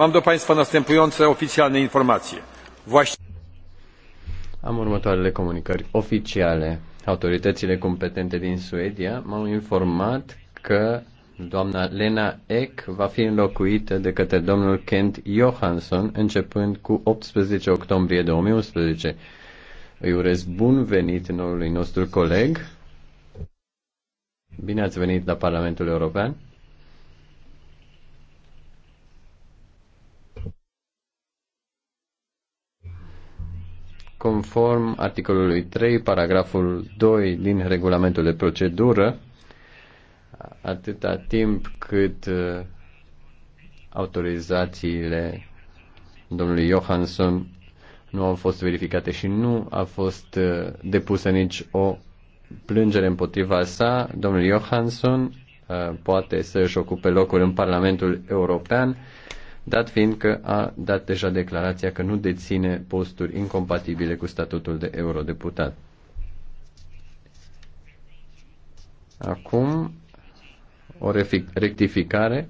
Mam do Państwa następujące oficjalne informacje. Właśnie... Am următoarele comunicări oficiale. Autoritățile competente din Suedia m-au informat că doamna Lena Ek va fi înlocuită de către domnul Kent Johansson începând cu 18 octombrie 2011. Îi urez bun venit noului nostru coleg. Bine ați venit la Parlamentul European. conform articolului 3, paragraful 2 din regulamentul de procedură, atâta timp cât uh, autorizațiile domnului Johansson nu au fost verificate și nu a fost uh, depusă nici o plângere împotriva sa, domnul Johansson uh, poate să își ocupe locul în Parlamentul European dat fiind că a dat deja declarația că nu deține posturi incompatibile cu statutul de eurodeputat. Acum, o rectificare